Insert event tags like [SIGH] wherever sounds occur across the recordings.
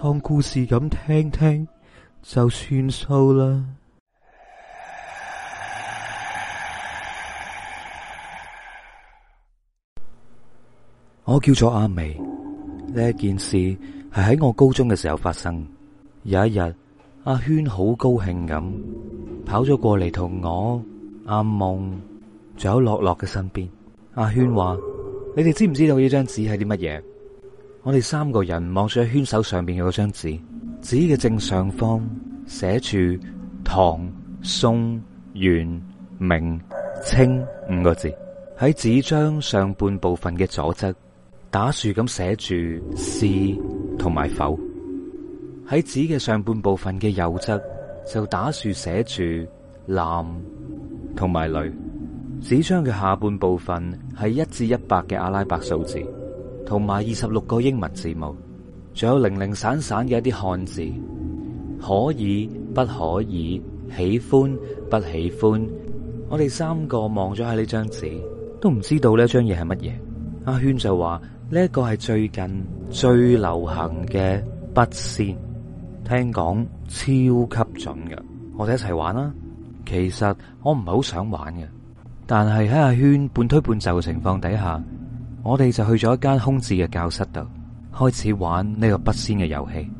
當故事咁聽聽就算數啦。我叫做阿眉，呢一件事係喺我高中嘅時候發生。有一日，阿軒好高興咁跑咗過嚟同我、阿夢，仲有樂樂嘅身邊。阿軒話：嗯、你哋知唔知道呢張紙係啲乜嘢？我哋三個人望住喺圈手上邊嘅嗰張紙，紙嘅正上方寫住唐、宋、元、明、清五個字。喺紙張上半部分嘅左側打豎咁寫住是同埋否。喺紙嘅上半部分嘅右側就打豎寫住男同埋女。紙張嘅下半部分係一至一百嘅阿拉伯數字。同埋二十六個英文字母，仲有零零散散嘅一啲漢字，可以不可以？喜歡不喜歡？我哋三個望咗喺呢張紙，都唔知道呢張嘢係乜嘢。阿軒就話呢一個係最近最流行嘅筆仙，聽講超級準嘅，我哋一齊玩啦。其實我唔係好想玩嘅，但係喺阿軒半推半就嘅情況底下，我哋就去咗一間空置嘅教室度，開始玩呢個筆仙嘅遊戲。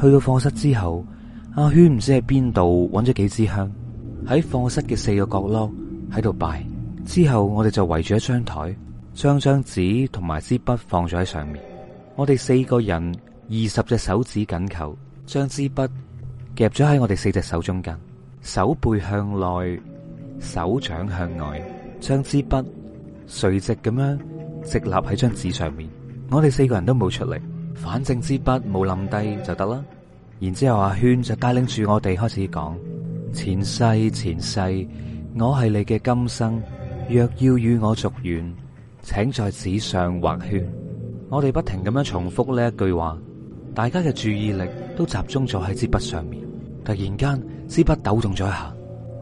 去到課室之後，阿軒唔知喺邊度揾咗幾支香，喺課室嘅四個角落喺度拜。之後我哋就圍住一張台，將張紙同埋支筆放咗喺上面。我哋四個人二十隻手指緊扣，將支筆夾咗喺我哋四隻手中間，手背向內，手掌向外，將支筆垂直咁樣。直立喺張紙上面，我哋四個人都冇出力，反正支筆冇冧低就得啦。然之後阿軒就帶領住我哋開始講：前世前世，我係你嘅今生，若要與我續緣，請在紙上畫圈。我哋不停咁樣重複呢一句話，大家嘅注意力都集中咗喺支筆上面。突然間，支筆抖動咗一下，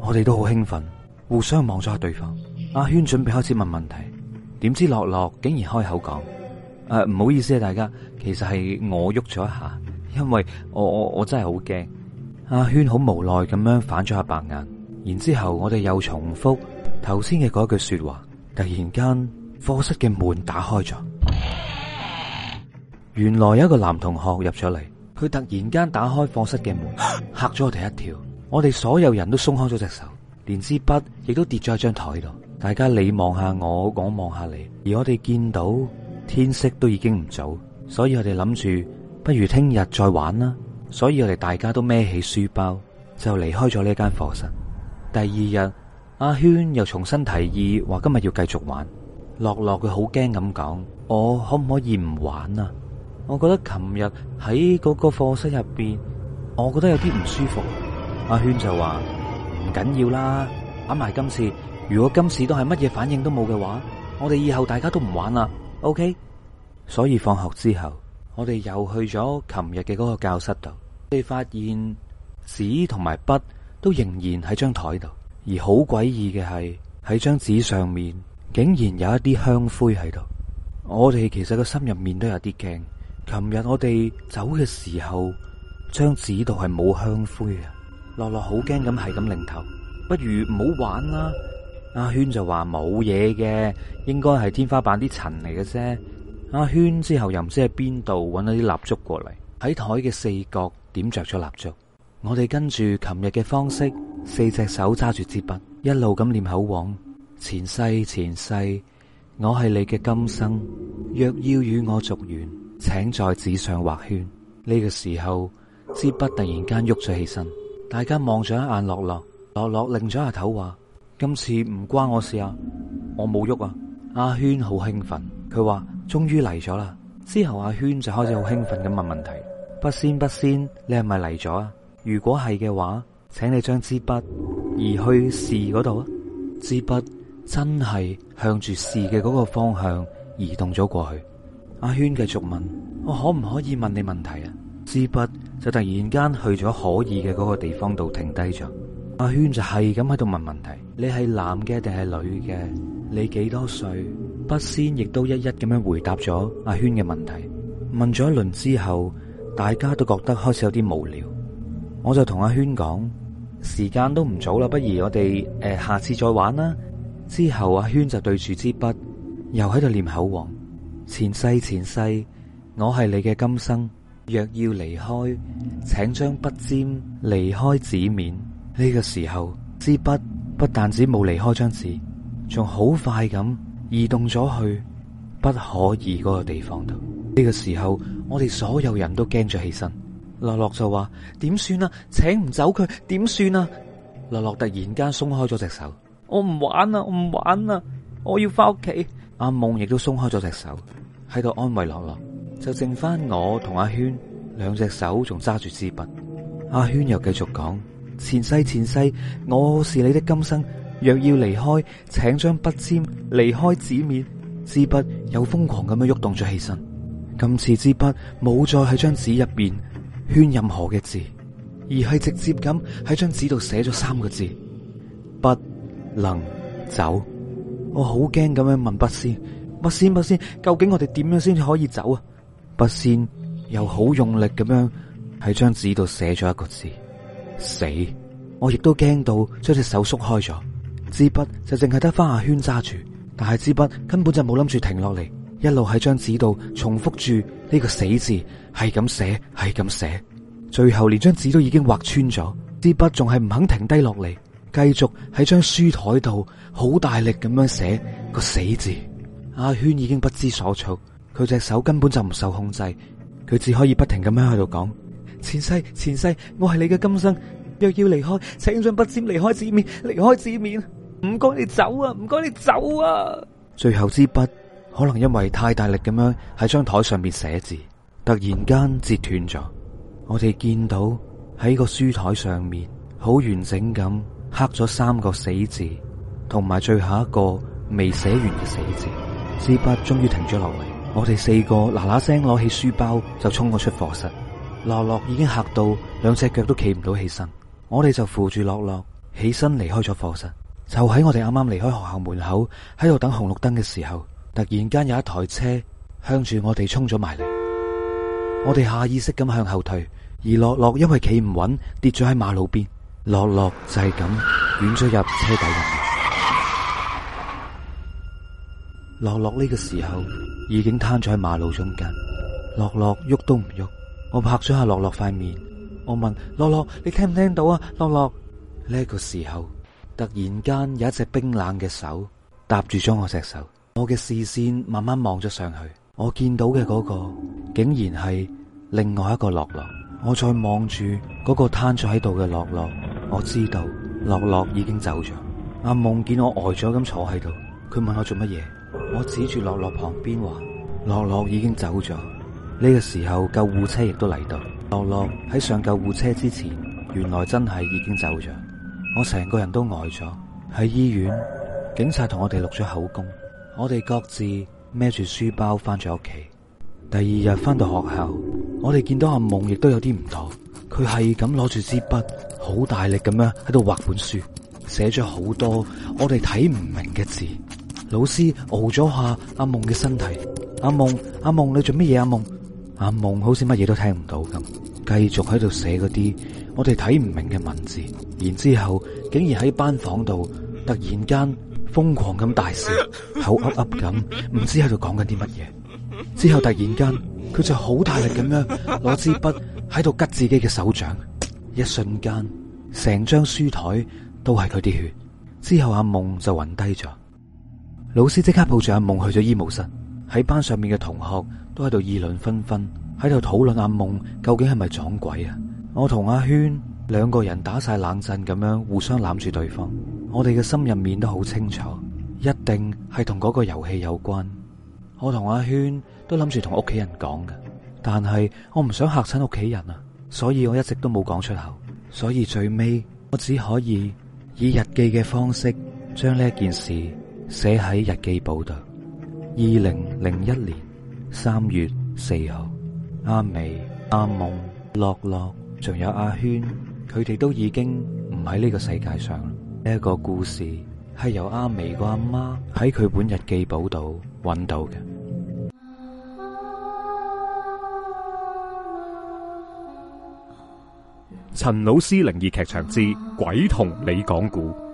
我哋都好興奮，互相望咗下對方。阿軒準備開始問問題。點知樂樂竟然開口講，誒、呃、唔好意思啊，大家，其實係我喐咗一下，因為我我我真係好驚。阿軒好無奈咁樣反咗下白眼，然之後我哋又重複頭先嘅嗰句說話。突然間，課室嘅門打開咗， [NOISE] 原來有一個男同學入咗嚟，佢突然間打開課室嘅門，嚇咗我哋一跳，我哋所有人都鬆開咗隻手，連支筆亦都跌咗喺張台度。大家你望下我，我望下你。而我哋見到天色都已經唔早，所以我哋諗住不如聽日再玩啦。所以我哋大家都孭起書包就離開咗呢間課室。第二日，阿軒又重新提議話今日要繼續玩。樂樂佢好驚咁講：我可唔可以唔玩啊？我覺得琴日喺嗰個課室入邊，我覺得有啲唔舒服。阿軒就話唔緊要啦，玩埋今次。如果今次都係乜嘢反應都冇嘅話，我哋以後大家都唔玩啦。OK，所以放學之後，我哋又去咗琴日嘅嗰個教室度，我哋發現紙同埋筆都仍然喺張台度，而好詭異嘅係喺張紙上面竟然有一啲香灰喺度。我哋其實個心入面都有啲驚。琴日我哋走嘅時候，張紙度係冇香灰呀。樂樂好驚咁，係咁擰頭，不如唔好玩啦。阿軒就話冇嘢嘅，應該係天花板啲塵嚟嘅啫。阿軒之後又唔知喺邊度揾咗啲蠟燭過嚟，喺台嘅四角點着咗蠟燭。我哋跟住琴日嘅方式，四隻手揸住支筆，一路咁念口往前世前世，我係你嘅今生，若要與我續緣，請在紙上畫圈。呢個時候，支筆突然間喐咗起身，大家望咗一眼落落，落落落落擰咗下頭話。今次唔關我事啊，我冇喐啊！阿軒好興奮，佢話終於嚟咗啦。之後阿軒就開始好興奮咁問問題：筆仙、嗯，筆、嗯、仙、嗯，你係咪嚟咗啊？如果係嘅話，請你將支筆移去是嗰度啊！支筆真係向住是嘅嗰個方向移動咗過去。阿軒繼續問：我可唔可以問你問題啊？支筆就突然間去咗可以嘅嗰個地方度停低咗。阿軒就係咁喺度問問題，你係男嘅定係女嘅？你幾多歲？筆仙亦都一一咁樣回答咗阿軒嘅問題。問咗一輪之後，大家都覺得開始有啲無聊，我就同阿軒講：時間都唔早啦，不如我哋誒、呃、下次再玩啦。之後阿軒就對住支筆，又喺度念口黃，前世前世，我係你嘅今生，若要離開，請將筆尖離開紙面。呢個時候，支筆不但只冇離開張紙，仲好快咁移動咗去不可以嗰個地方度。呢、這個時候，我哋所有人都驚咗起身。樂樂就話：點算啊？請唔走佢點算啊？樂樂突然間鬆開咗隻手，我唔玩啦，唔玩啦，我要翻屋企。阿夢亦都鬆開咗隻手，喺度安慰樂樂。就剩翻我同阿軒兩隻手仲揸住支筆。阿軒又繼續講。前世前世，我是你的今生。若要離開，請將筆尖離開紙面。支筆又瘋狂咁樣喐動咗起身。今次支筆冇再喺張紙入邊圈任何嘅字，而係直接咁喺張紙度寫咗三個字：不能走。我好驚咁樣問筆仙：筆仙，筆仙，究竟我哋點樣先至可以走啊？筆仙又好用力咁樣喺張紙度寫咗一個字。死！我亦都驚到將隻手縮開咗，支筆就淨係得翻阿軒揸住，但係支筆根本就冇諗住停落嚟，一路喺張紙度重複住呢個死字，係咁寫，係咁寫，最後連張紙都已經劃穿咗，支筆仲係唔肯停低落嚟，繼續喺張書台度好大力咁樣寫個死字。阿、啊、軒已經不知所措，佢隻手根本就唔受控制，佢只可以不停咁樣喺度講。前世前世，我係你嘅今生。若要離開，請將筆尖離開紙面，離開紙面。唔該你走啊，唔該你走啊。最後支筆可能因為太大力咁樣喺張台上面寫字，突然間折斷咗。我哋見到喺個書台上面好完整咁刻咗三個死字，同埋最後一個未寫完嘅死字。支筆終於停咗落嚟，我哋四個嗱嗱聲攞起書包就衝咗出課室。樂樂已經嚇到兩隻腳都企唔到起身，我哋就扶住樂樂起身離開咗課室。就喺我哋啱啱離開學校門口喺度等紅綠燈嘅時候，突然間有一台車向住我哋衝咗埋嚟。我哋下意識咁向後退，而樂樂因為企唔穩跌咗喺馬路邊。樂樂就係咁捲咗入車底入面。樂樂呢個時候已經癱咗喺馬路中間，樂樂喐都唔喐。我拍咗下樂樂塊面，我問樂樂：你聽唔聽到啊？樂樂。呢個時候突然間有一隻冰冷嘅手搭住咗我隻手，我嘅視線慢慢望咗上去，我見到嘅嗰個竟然係另外一個樂樂。我再望住嗰個癱咗喺度嘅樂樂，我知道樂樂已經走咗。阿夢見我呆咗咁坐喺度，佢問我做乜嘢，我指住樂樂旁邊話：樂樂已經走咗。呢個時候救護車亦都嚟到，樂樂喺上救護車之前，原來真係已經走咗。我成個人都呆咗喺醫院，警察同我哋錄咗口供，我哋各自孭住書包翻咗屋企。第二日翻到學校，我哋見到阿夢亦都有啲唔妥，佢係咁攞住支筆，好大力咁樣喺度畫本書，寫咗好多我哋睇唔明嘅字。老師熬咗下阿夢嘅身體，阿夢，阿夢你做乜嘢？阿夢。阿夢好似乜嘢都聽唔到咁，繼續喺度寫嗰啲我哋睇唔明嘅文字，然之後竟然喺班房度突然間瘋狂咁大笑，口噏噏咁，唔知喺度講緊啲乜嘢。之後突然間佢就好大力咁樣攞支筆喺度拮自己嘅手掌，一瞬間成張書台都係佢啲血。之後阿夢就暈低咗，老師即刻抱住阿夢去咗醫務室。喺班上面嘅同學都喺度議論紛紛，喺度討論阿夢究竟係咪撞鬼啊！我同阿軒兩個人打晒冷震咁樣，互相攬住對方。我哋嘅心入面都好清楚，一定係同嗰個遊戲有關。我同阿軒都諗住同屋企人講㗎，但係我唔想吓親屋企人啊，所以我一直都冇講出口。所以最尾我只可以以日記嘅方式，將呢件事寫喺日記簿度。二零零一年三月四號，阿美、阿夢、樂樂，仲有阿軒，佢哋都已經唔喺呢個世界上。呢一個故事係由阿美個阿媽喺佢本日記簿度搵到嘅。陳老師靈異劇場之鬼同你講故。